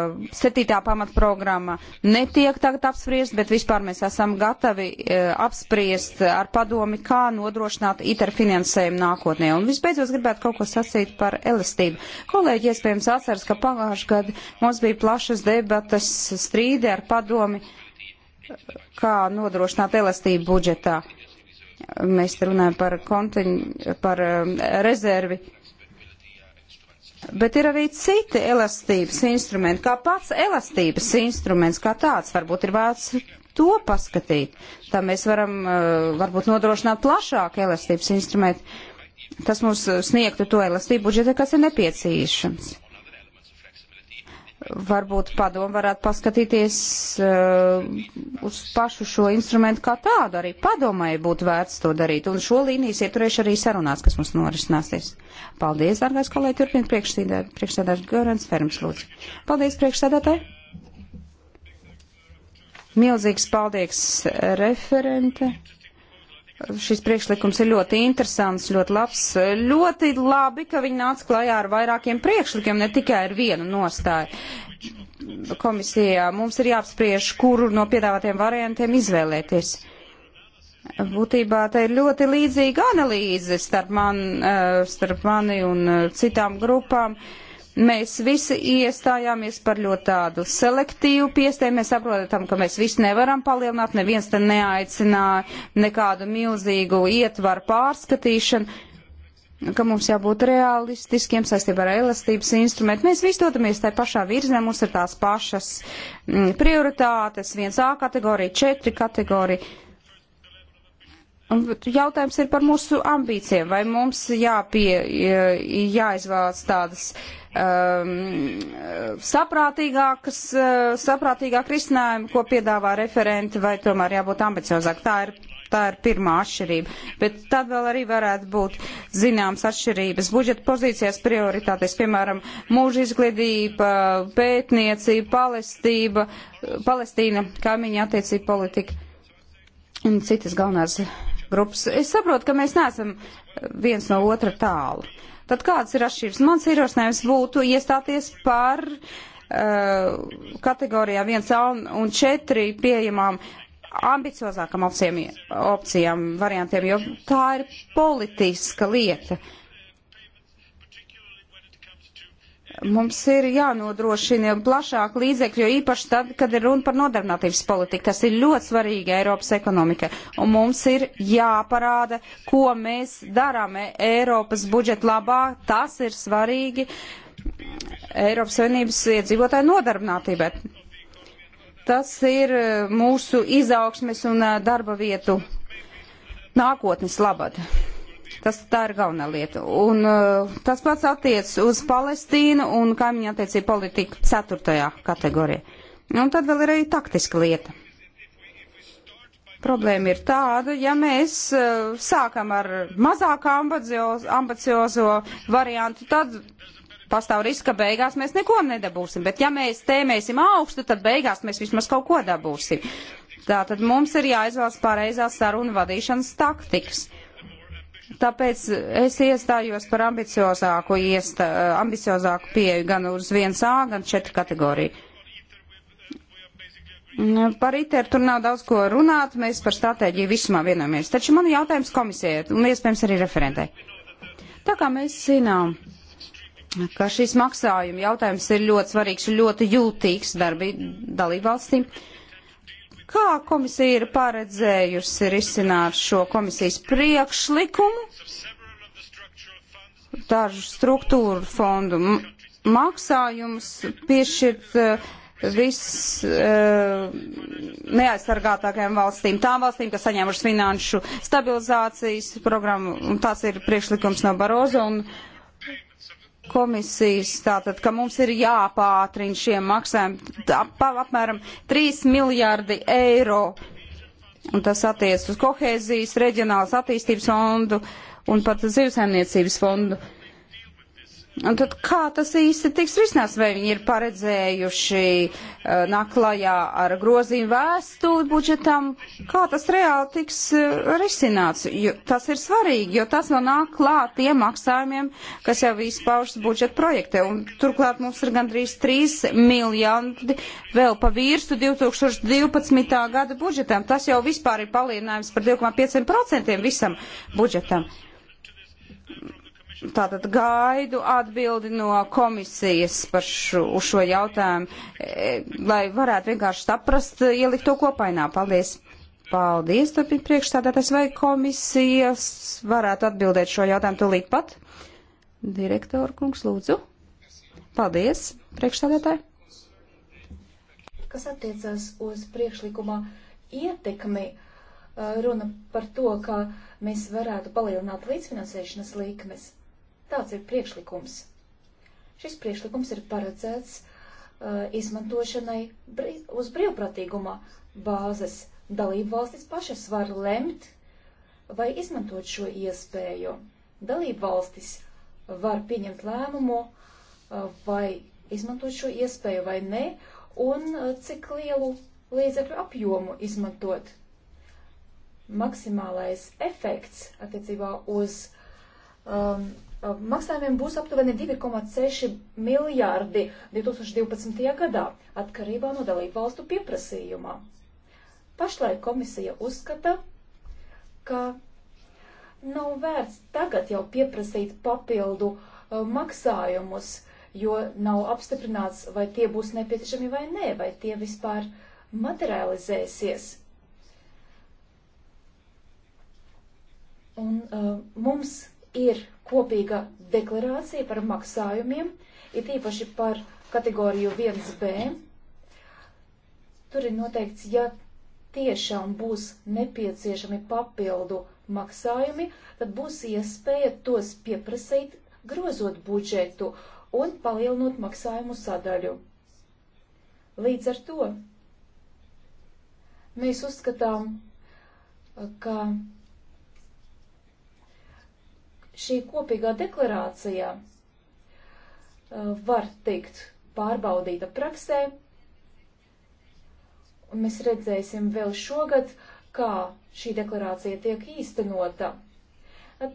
uh, septītā pamatprogramma netiek tagad apspriest, bet vispār mēs esam gatavi uh, apspriest ar padomi, kā nodrošināt ITER finansējumu nākotnē. Un visbeidzot gribētu kaut ko sacīt par elastību. Kolēģi iespējams atceras, ka pagājušajā gadā mums bija plašas debatas strīdi ar padomi, kā nodrošināt elastību budžetā. Mēs te runājam par, kontiņu, par um, rezervi Bet ir arī citi elastības instrumenti, kā pats elastības instruments, kā tāds varbūt ir vērts to paskatīt. Tā mēs varam uh, varbūt nodrošināt plašāku elastības instrumentu. Tas mums sniegtu to elastību budžetā, kas ir nepieciešams varbūt padomu varētu paskatīties uh, uz pašu šo instrumentu kā tādu. Arī padomai būtu vērts to darīt. Un šo līnijas ieturēšu arī sarunās, kas mums norisināsies. Paldies, dārgais kolēģi, turpiniet priekšsēdētājs Gorans Ferms, lūdzu. Paldies, priekšsēdētāji. Milzīgs paldies referente Šis priekšlikums ir ļoti interesants, ļoti labs. Ļoti labi, ka viņi nāca klajā ar vairākiem priekšlikiem, ne tikai ar vienu nostāju. Komisijā mums ir jāapspriež, kuru no piedāvātiem variantiem izvēlēties. Būtībā te ir ļoti līdzīga analīze starp, man, eh, starp mani un eh, citām grupām. Uh, Mēs visi iestājāmies par ļoti tādu selektīvu piestēju. Mēs saprotam, ka mēs visi nevaram palielināt, neviens te neaicināja nekādu milzīgu ietvaru pārskatīšanu ka mums jābūt realistiskiem saistībā ar elastības instrumentu. Mēs visi dodamies tajā pašā virzienā, mums ir tās pašas mm, prioritātes, viens A kategorija, četri kategorija Un jautājums ir par mūsu ambīcijiem. Vai mums jāpie, jāizvēlas tādas um, saprātīgākas, uh, saprātīgāk risinājumi, ko piedāvā referenti, vai tomēr jābūt ambiciozāk? Tā ir, tā ir pirmā atšķirība. Bet tad vēl arī varētu būt zināmas atšķirības budžeta pozīcijās prioritātēs, piemēram, mūža izglītība, pētniecība, palestība, Palestīna, kaimiņa attiecība politika un citas galvenās grupas. Es saprotu, ka mēs neesam viens no otra tālu. Tad kāds ir atšķirības? Mans ierosinājums būtu iestāties par uh, kategorijā 1A un, un 4 pieejamām ambiciozākam opcijām, opcijām, variantiem, jo tā ir politiska lieta. Uh, Mums ir jānodrošina plašāk līdzekļu, jo īpaši tad, kad ir runa par nodarbinātības politiku, kas ir ļoti svarīga Eiropas ekonomikai. Un mums ir jāparāda, ko mēs darām e- Eiropas budžeta labā. Tas ir svarīgi Eiropas Savienības iedzīvotāju nodarbinātībai. Tas ir e, mūsu izaugsmes un e, darba vietu nākotnes labad. Tas tā ir galvenā lieta. Un uh, tas pats attiec uz Palestīnu un kaimiņu attiecību politiku ceturtajā kategorijā. Un tad vēl ir arī taktiska lieta. Problēma ir tāda, ja mēs uh, sākam ar mazāk ambiciozo, ambiciozo variantu, tad pastāv risks, ka beigās mēs neko nedabūsim. Bet ja mēs tēmēsim augstu, tad beigās mēs vismaz kaut ko dabūsim. Tātad mums ir jāizvēlas pareizās sarunu vadīšanas taktikas. Tāpēc es iestājos par ambiciozāku, iesta, eh, ambiciozāku pieeju gan uz 1A, gan 4 kategoriju. Nu, par ITER tur nav daudz ko runāt, mēs par stratēģiju visumā vienojamies. Taču man ir jautājums komisijai un iespējams arī referentai. Tā kā mēs zinām, ka šis maksājuma jautājums ir ļoti svarīgs un ļoti jūtīgs darbi dalībvalstīm. valstīm Kā komisija ir paredzējusi risināt šo komisijas priekšlikumu? Dažu struktūru fondu maksājumus piešķirt uh, viss uh, neaizsargātākajām valstīm, tām valstīm, kas saņēmušas finanšu stabilizācijas programmu, un tāds ir priekšlikums no Barozo, un komisijas, tātad, ka mums ir jāpātrina šie maksājumi ap, apmēram 3 miljārdi eiro. Un tas attiec uz kohēzijas, reģionālas attīstības fondu un pat zivsaimniecības fondu. Uh, Un tad kā tas īsti tiks risināts, vai viņi ir paredzējuši eh, naklajā ar grozīmu vēstuli budžetam, kā tas reāli tiks eh, risināts? Jo tas ir svarīgi, jo tas vēl nāk klāt tiem maksājumiem, kas jau izpaužas budžeta projektē. Un turklāt mums ir gandrīz 3 miljardi vēl pa virstu 2012. gada budžetam. Tas jau vispār ir palielinājums par 2,5% visam budžetam. Tātad gaidu atbildi no komisijas par šo, uz šo jautājumu, e, lai varētu vienkārši saprast, ielikt to kopainā. Paldies! Paldies, turpin priekšstādātais, vai komisijas varētu atbildēt šo jautājumu tūlīt pat? Direktora kungs, lūdzu. Paldies, priekšstādātāji. Kas attiecas uz priekšlikuma ietekmi? E, runa par to, ka mēs varētu palielināt līdzfinansēšanas likmes. Tāds ir priekšlikums. Šis priekšlikums ir paredzēts uh, izmantošanai brī, uz brīvprātīguma bāzes. Dalību valstis pašas var lemt vai izmantot šo iespēju. Dalību valstis var pieņemt lēmumu uh, vai izmantot šo iespēju vai nē un uh, cik lielu līdzekļu apjomu izmantot. Maksimālais efekts attiecībā uz um, Maksājumiem būs aptuveni 2,6 miljārdi 2012. gadā, atkarībā no dalību valstu pieprasījumā. Pašlaik komisija uzskata, ka nav vērts tagad jau pieprasīt papildu uh, maksājumus, jo nav apstiprināts, vai tie būs nepieciešami vai nē, vai tie vispār materializēsies. Un uh, mums ir kopīga deklarācija par maksājumiem, ir īpaši par kategoriju 1B. Tur ir noteikts, ja tiešām būs nepieciešami papildu maksājumi, tad būs iespēja tos pieprasīt, grozot budžetu un palielinot maksājumu sadaļu. Līdz ar to mēs uzskatām, ka Šī kopīgā deklarācija uh, var tikt pārbaudīta praksē, un mēs redzēsim vēl šogad, kā šī deklarācija tiek īstenota.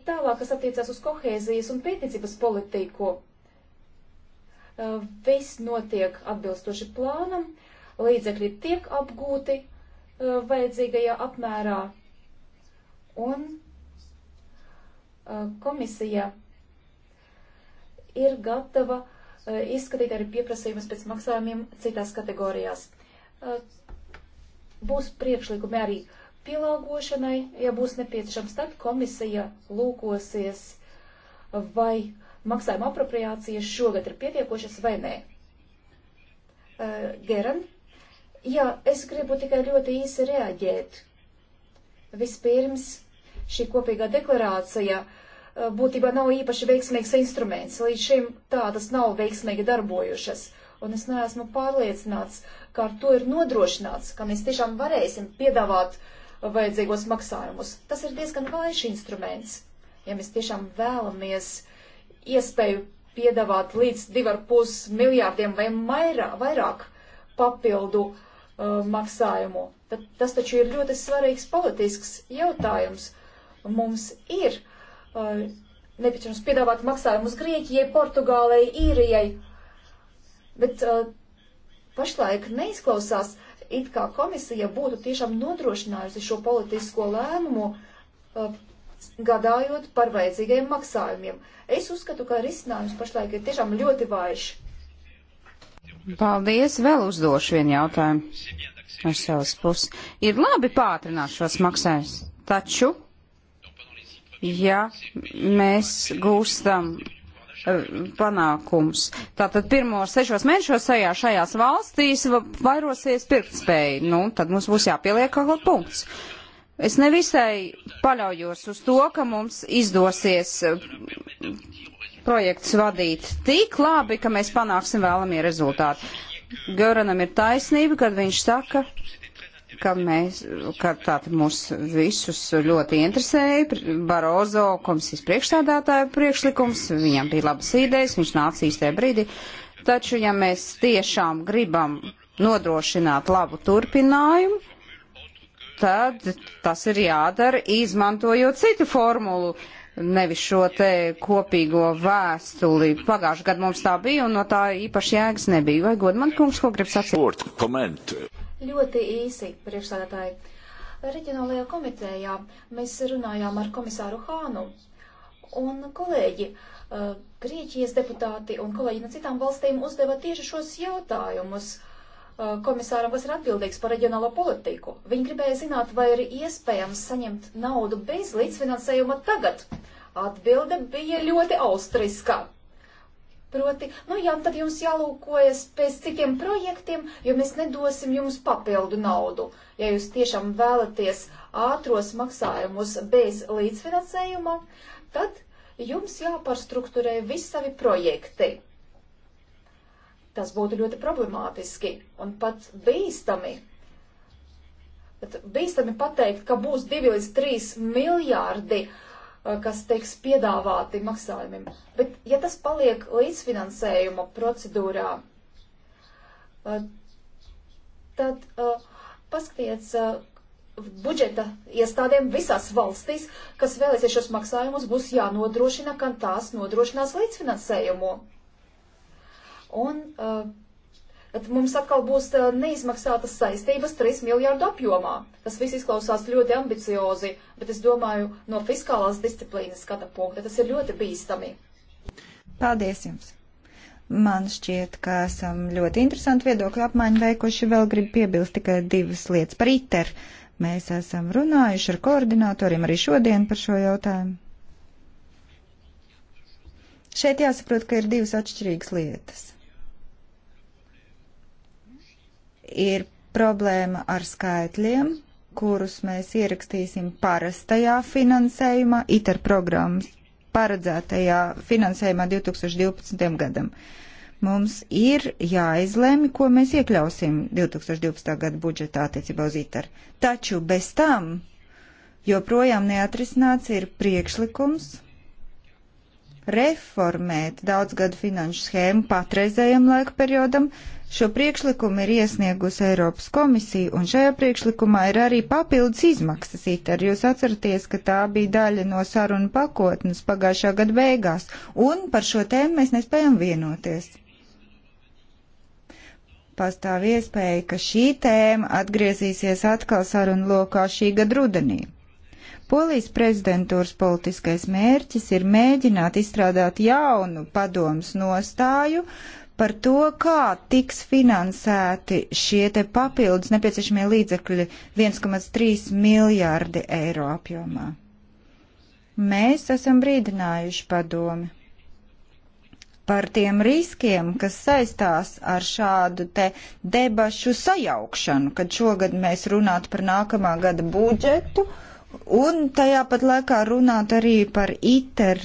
Tālāk, kas attiecās uz kohēzijas un pētniecības politiku, uh, viss notiek atbilstoši plānam, līdzekļi tiek apgūti uh, vajadzīgajā apmērā, un komisija ir gatava izskatīt arī pieprasījumus pēc maksājumiem citās kategorijās. Būs priekšlikumi arī pielāgošanai, ja būs nepieciešams, tad komisija lūkosies, vai maksājuma apropriācijas šogad ir pietiekošas vai nē. Geran, jā, es gribu tikai ļoti īsi reaģēt. Vispirms šī kopīgā deklarācija eh, būtībā nav īpaši veiksmīgs instruments. Līdz šim tādas nav veiksmīgi darbojušas. Un es neesmu pārliecināts, ka ar to ir nodrošināts, ka mēs tiešām varēsim piedāvāt vajadzīgos maksājumus. Tas ir diezgan vājš instruments. Ja mēs tiešām vēlamies iespēju piedāvāt līdz 2,5 miljārdiem vai mairā, vairāk papildu uh, maksājumu, tad tas taču ir ļoti svarīgs politisks jautājums. Uh, mums ir uh, nepieciešams piedāvāt maksājumus Grieķijai, Portugālei, Īrijai, bet uh, pašlaik neizklausās, it kā komisija būtu tiešām nodrošinājusi šo politisko lēmumu, uh, gadājot par vajadzīgajiem maksājumiem. Es uzskatu, ka risinājums pašlaik ir tiešām ļoti vājš. Paldies, vēl uzdošu vienu jautājumu no savas puses. Ir labi pātrināt šos maksājumus, taču ja mēs gūstam eh, panākums. Tātad pirmos sešos mēnešos šajā, šajās valstīs vairosies pirktspēja. Nu, tad mums būs jāpieliek kaut kāds punkts. Es nevisai paļaujos uz to, ka mums izdosies eh, projekts vadīt tik labi, ka mēs panāksim vēlamie rezultāti. Göranam ir taisnība, kad viņš saka, ka mēs, ka tātad mūs visus ļoti interesēja Barozo komisijas priekšstādātāja priekšlikums, viņam bija labas idejas, viņš nāca īstajā brīdī, taču ja mēs tiešām gribam nodrošināt labu turpinājumu, tad tas ir jādara izmantojot citu formulu, nevis šo te kopīgo vēstuli. Pagājušajā gadā mums tā bija, un no tā īpaši jēgas nebija. Vai god man kungs, ko grib sacīt? Ļoti īsi, priekšsādātāji. Reģionālajā komitejā mēs runājām ar komisāru Hānu un kolēģi. Uh, Grieķijas deputāti un kolēģi no citām valstīm uzdeva tieši šos jautājumus uh, komisāram, kas ir atbildīgs par reģionālo politiku. Viņi gribēja zināt, vai ir iespējams saņemt naudu bez līdzfinansējuma tagad. Atbilde bija ļoti austriska. Proti, nu jā, tad jums jālūkojas pēc citiem projektiem, jo mēs nedosim jums papildu naudu. Ja jūs tiešām vēlaties ātros maksājumus bez līdzfinansējuma, tad jums jāpārstruktūrē visi savi projekti. Tas būtu ļoti problemātiski un pat bīstami. Bet bīstami pateikt, ka būs 2 līdz 3 miljārdi uh, Eh, kas tiks piedāvāti maksājumiem. Bet, ja tas paliek līdzfinansējuma procedūrā, eh, tad eh, paskatieties, budžeta iestādēm visās valstīs, kas vēlēsies šos maksājumus, būs jānodrošina, ka tās nodrošinās līdzfinansējumu. Un uh, mums atkal būs eh, neizmaksātas saistības 3 miljārdu apjomā. Tas viss izklausās ļoti ambiciozi, bet es domāju, no fiskālās disciplīnas skata punkta tas ir ļoti bīstami. Paldies jums! Man šķiet, ka esam ļoti interesanti viedokļu apmaiņu veikuši. Vēl gribu piebilst tikai divas lietas par ITER. Mēs esam runājuši ar koordinatoriem arī šodien par šo jautājumu. Šeit jāsaprot, ka ir divas atšķirīgas lietas. ir problēma ar skaitļiem, kurus mēs ierakstīsim parastajā finansējumā, ITER programmas paredzētajā finansējumā 2012. gadam. Mums ir jāizlēmi, ko mēs iekļausim 2012. gada budžetā attiecībā uz ITER. Taču bez tam joprojām neatrisināts ir priekšlikums reformēt daudzgadu finanšu schēmu patreizējam laika periodam. Šo priekšlikumu ir iesniegusi Eiropas komisija, un šajā priekšlikumā ir arī papildus izmaksas ITER. Jūs atceraties, ka tā bija daļa no sarunu pakotnes pagājušā gada beigās, un par šo tēmu mēs nespējam vienoties. Pastāv iespēja, ka šī tēma atgriezīsies atkal sarunu lokā šī gada rudenī. Polijas prezidentūras politiskais mērķis ir mēģināt izstrādāt jaunu padomus nostāju par to, kā tiks finansēti šie te papildus nepieciešamie līdzekļi 1,3 miljārdi eiro apjomā. Mēs esam brīdinājuši padomi par tiem riskiem, kas saistās ar šādu te debašu sajaukšanu, kad šogad mēs runātu par nākamā gada budžetu un tajā pat laikā runāt arī par ITER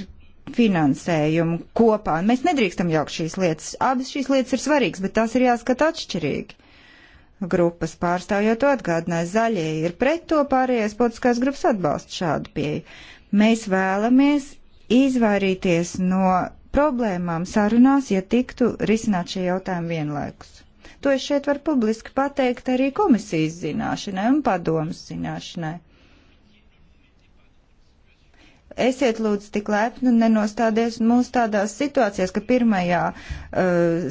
finansējumu kopā. Mēs nedrīkstam jaukt šīs lietas. Abas šīs lietas ir svarīgas, bet tās ir jāskata atšķirīgi. Grupas pārstāvjot to atgādināja zaļie ir pret to pārējais politiskās grupas atbalsta šādu pieeju. Mēs vēlamies izvairīties no problēmām sarunās, ja tiktu risināt šie jautājumi vienlaikus. To es šeit varu publiski pateikt arī komisijas zināšanai un padomas zināšanai. Esiet lūdzu tik lepni un nenostādies mūs tādās situācijās, ka pirmajā uh,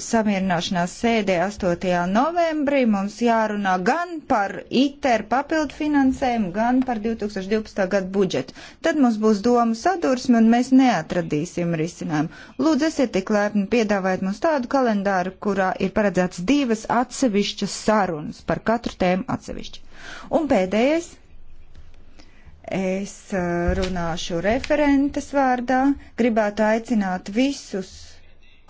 samierināšanās sēdē 8. novembrī mums jārunā gan par ITER papildu finansējumu, gan par 2012. gadu budžetu. Tad mums būs domu sadursme un mēs neatradīsim risinājumu. Lūdzu, esiet tik lepni, piedāvājiet mums tādu kalendāru, kurā ir paredzēts divas atsevišķas sarunas par katru tēmu atsevišķi. Un pēdējais Es uh, runāšu referentes vārdā, gribētu aicināt visus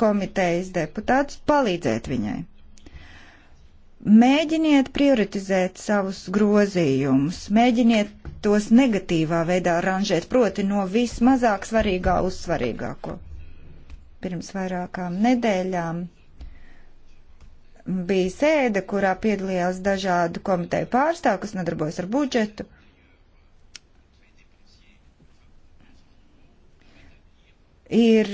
komitejas deputātus palīdzēt viņai. Mēģiniet prioritizēt savus grozījumus, mēģiniet tos negatīvā veidā ranžēt, proti no vismazāk svarīgā uz svarīgāko. Pirms vairākām nedēļām bija sēde, kurā piedalījās dažādu komiteju pārstāvu, kas nodarbojas ar budžetu Ir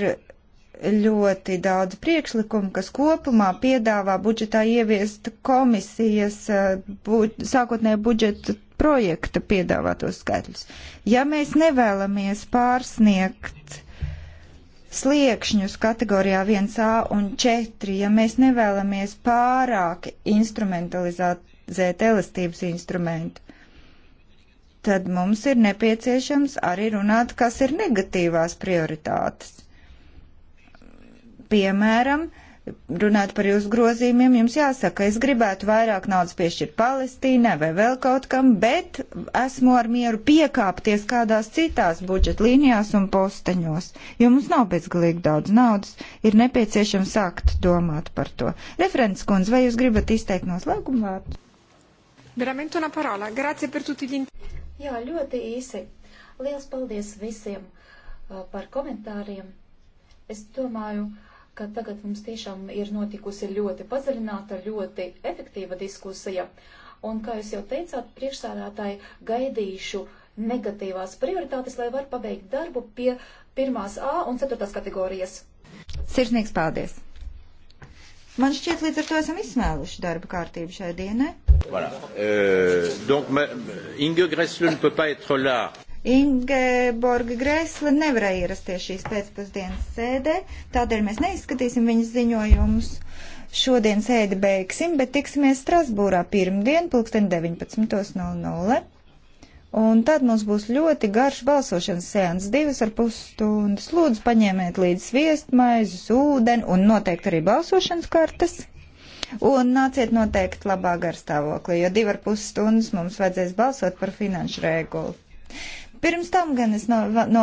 ļoti daudz priekšlikumu, kas kopumā piedāvā budžetā ieviest komisijas eh, bu, sākotnēju budžetu projekta piedāvātos skaitļus. Ja mēs nevēlamies pārsniegt sliekšņus kategorijā 1A un 4, ja mēs nevēlamies pārāk instrumentalizēt elastības instrumentu, tad mums ir nepieciešams arī runāt, kas ir negatīvās prioritātes. Piemēram, runāt par jūsu grozījumiem, jums jāsaka, es gribētu vairāk naudas piešķirt Palestīnai vai vēl kaut kam, bet esmu ar mieru piekāpties kādās citās budžeta līnijās un posteņos, jo mums nav bezgalīgi daudz naudas, ir nepieciešams sākt domāt par to. Referents kundze, vai jūs gribat izteikt noslēgumu vārdu? Veramente una parola. Grazie per tutti gli interventi. Jā, ļoti īsi. Liels paldies visiem uh, par komentāriem. Es domāju, ka tagad mums tiešām ir notikusi ļoti padziļināta, ļoti efektīva diskusija. Un, kā jūs jau teicāt, priekšsādātāji gaidīšu negatīvās prioritātes, lai var pabeigt darbu pie pirmās A un ceturtās kategorijas. Sirsnīgs paldies! Man šķiet, līdz ar to esam izsmēluši darba kārtību šai dienai. Voilà. Euh, donc, ma, Inge Gressle ne peut pas être là. Ingeborga Grēsla nevarēja ierasties šīs pēcpusdienas sēdē, tādēļ mēs neizskatīsim viņas ziņojumus. Šodien sēdi beigsim, bet tiksimies Strasbūrā pirmdien, pulksten 19.00. Un tad mums būs ļoti garš balsošanas sēns, divas ar pus stundas. Lūdzu, paņemiet līdzi sviestmaizus, ūdeni un noteikti arī balsošanas kartes. Un nāciet noteikti labā garstāvoklī, jo divi ar pus stundas mums vajadzēs balsot par finanšu regulu. Pirms tam gan es no, no